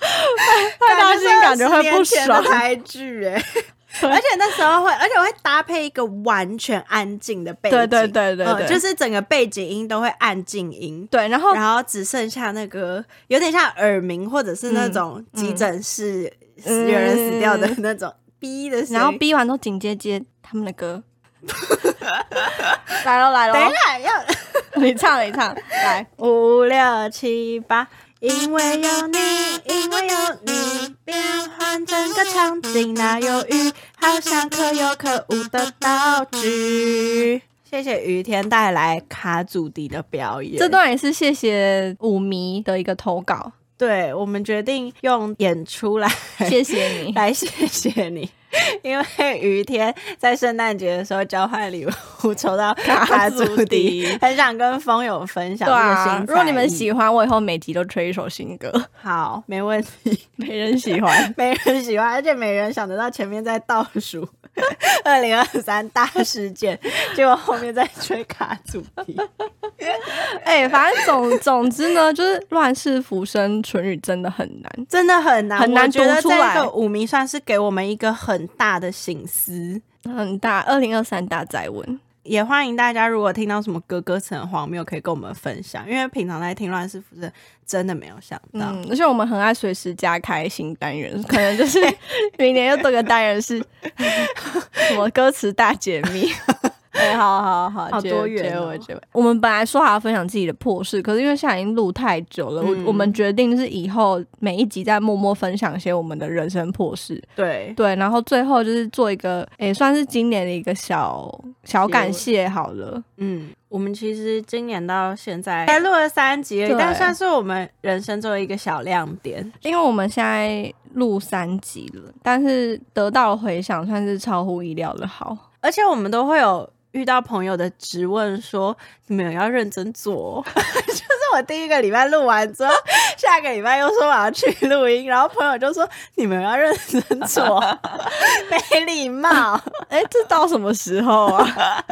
太開心，感覺會不爽。台劇、欸、而且那時候會，而且我會搭配一個完全安靜的背景，對對對對，就是整個背景音都會按靜音。對，然後然後只剩下那個有點像耳鳴，或者是那種急診室有人死掉的那種逼的聲、嗯、然後逼完，都緊接接。他們的歌 來了來了，來要你唱你唱來五六七八，因為有你，因為有你，變換整個場景，那憂鬱好像可有可無的道具。謝謝雨天帶來卡祖笛的表演，這段也是謝謝舞迷的一個投稿。對，我們決定用演出來，謝謝你，來謝謝你，因為於天在聖誕節的時候交換禮物，我抽到卡祖笛，很想跟瘋友分享心。對啊，如果你們喜歡，我以後每集都吹一首新歌。好，沒問題，沒人喜歡， 沒人喜歡，而且沒人想得到，前面在倒數。二零二三大事件，結果後面在追卡主題。 哎 欸，反正總總之呢，就是亂世浮生，唇語真的很難，真的很難，很難讀出來。我覺得這個五迷算是給我們一個很大的省思，很大。二零二三大災問。也歡迎大家，如果聽到什麼歌歌詞荒謬，可以跟我們分享。因為平常在聽亂世浮生，真的沒有想到。嗯，而且我們很愛隨時加開新單元，可能就是 明年又多個單元是 什麼歌詞大解密。 哎、 欸，好好好，好多元、哦、結尾。結尾結尾結尾，我們本來說好要分享自己的破事，可是因為現在已經錄太久了，我、嗯、我們決定是以後每一集再默默分享一些我們的人生破事。對對，然後最後就是做一個也、欸、算是今年的一個小小感謝，好了。嗯，我們其實今年到現在才錄了三集，對但算是我們人生中的一個小亮點，因為我們現在錄三集了，但是得到回響算是超乎意料的好，而且我們都會有。遇到朋友的質問，說：“你們要認真做。 ”我第一個禮拜錄完之後，下個禮拜又說我要去錄音，然後朋友就說：“你們要認真做，沒禮貌。”哎、 欸，這到什麼時候啊？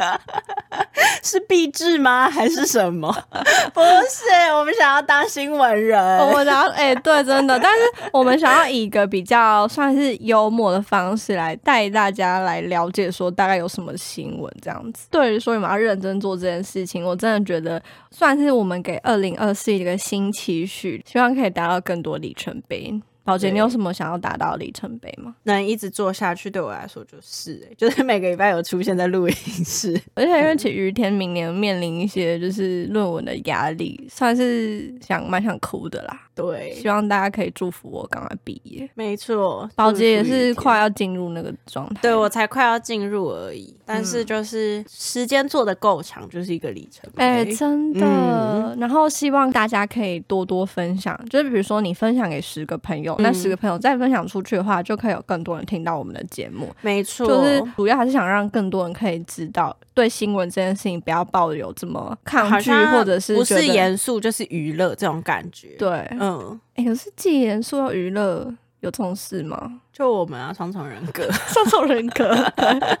是閉智嗎？還是什麼？ 不是，我們想要當新聞人，我想要哎、欸，對，真的。 但是我們想要以一個比較算是幽默的方式來帶大家來了解，說大概有什麼新聞這樣子。對，所以我們要認真做這件事情。我真的覺得，算是我們給二零。二四一個新期許，希望可以達到更多里程碑。寶潔，你有什麼想要達到的里程碑嗎？能一直做下去，對我來說就是、欸，就是每個禮拜有出現在錄影室，而且因為於天明年面臨一些就是論文的壓力，算是想蠻想哭的啦。對，希望大家可以祝福我剛剛畢業。沒錯，寶潔也是快要進入那個狀態，對我才快要進入而已。但是就是時間做的夠長，就是一個里程碑。哎、嗯欸，真的。嗯、然後希望大家可以多多分享，就是比如說你分享給十個朋友。嗯、那十個朋友再分享出去的話，就可以有更多人聽到我們的節目沒錯。沒錯，就是主要還是想讓更多人可以知道，對新聞這件事情不要抱有這麼抗拒，或者是不是嚴肅就是娛樂這種感覺。對，嗯、欸，可是既嚴肅又娛樂有這種事嗎？就我們啊，雙重人格，雙 重人格，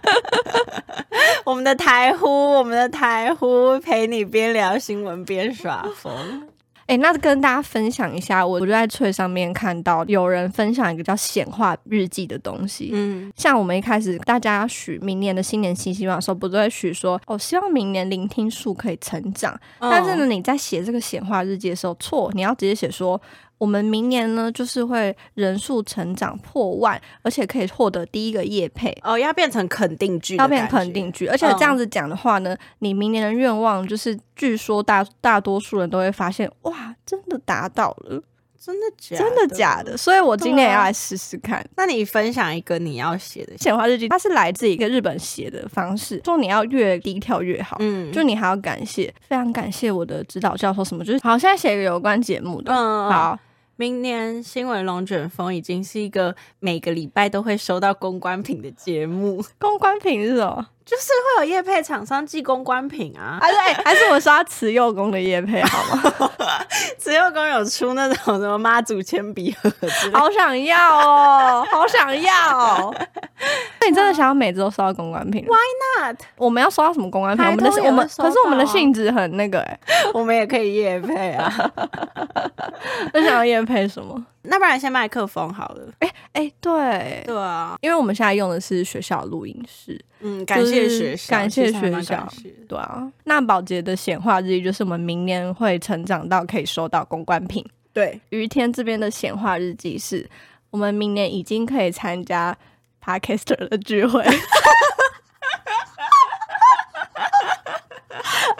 我們的台呼，我們的台呼，陪你邊聊新聞邊耍瘋。誒，那跟大家分享一下，我我就在脆上面看到有人分享一個叫顯化日記的東西。嗯，像我們一開始大家許明年的新年新希望的時候，不都在許說，哦，希望明年聆聽數可以成長。哦、但是呢，你在寫這個顯化日記的時候，錯，你要直接寫說。我們明年呢，就是會人數成長破萬，而且可以獲得第一個業配哦，要變成肯定句，要變肯定句，而且這樣子講的話呢，嗯、你明年的願望就是，據說大大多數人都會發現，哇，真的達到了，真的假的？真的假的？所以我今天也要來試試看、嗯。那你分享一個你要寫的顯化日記，它是來自一個日本寫的方式，說你要越低調越好，嗯，就你還要感謝，非常感謝我的指導教授什麼，就是好，現在寫一個有關節目的，嗯，嗯，嗯，好。明年新聞龍捲瘋已經是一個每個禮拜都會收到公關品的節目， 公關品是哦。就是會有業配廠商寄公關品啊，還是、啊、還是我刷慈幼宮的業配好嗎？ 慈幼宮有出那種什麼媽祖鉛筆盒，好想要哦，好想要！哦。那 你真的想要每次都刷到公關品？Why not？、嗯、我們要刷到什麼公關品？但是 Why not? 我們、哦、我們，我們可是我們的性質很那個哎、欸， 我們也可以業配啊。那 想要業配什麼？ 那不然先麥克風好了。哎、欸，對，對啊，因為我們現在用的是學校錄音室，嗯，感謝學校，感謝學校，學校對啊。那飽潔的顯化日記就是我們明年會成長到可以收到公關品，對。於天這邊的顯化日記是我們明年已經可以參加 Podcaster 的聚會。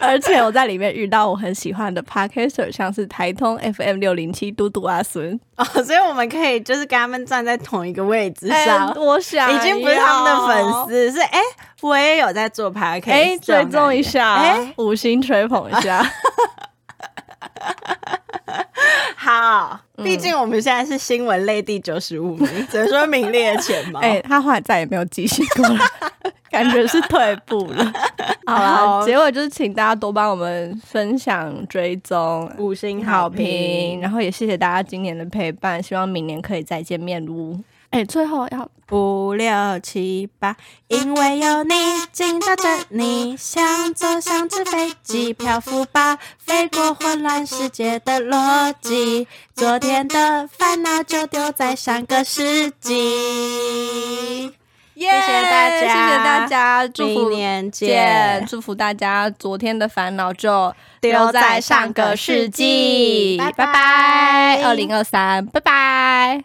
而且我在裡面遇到我很喜歡的 Podcast，像是台通 FM 六零七、嘟嘟、阿孫哦，所以我們可以就是跟他們站在同一個位置上，欸、我想已經不是他們的粉絲，是哎、欸，我也有在做 Podcast，追蹤一下，哎、欸，五星吹捧一下。 好，畢竟我們現在是新聞類第九十五名，只能、嗯、說名列前茅。哎、 欸，他後來再也沒有繼續過， 感覺是退步了。好了，結果就是請大家多幫我們分享追蹤五星好評，好評，然後也謝謝大家今年的陪伴，希望明年可以再見面。擼。哎，最後要五六七八，因為有你，緊抱着你，想坐上紙飛機，漂浮吧，飛過混亂世界的邏輯。昨天的煩惱就丟在上個世紀。Yeah, 謝謝大家，祝福大家，明年見，祝福大家，昨天的煩惱就在丟在上個世紀。拜拜 bye，二零二三，拜拜。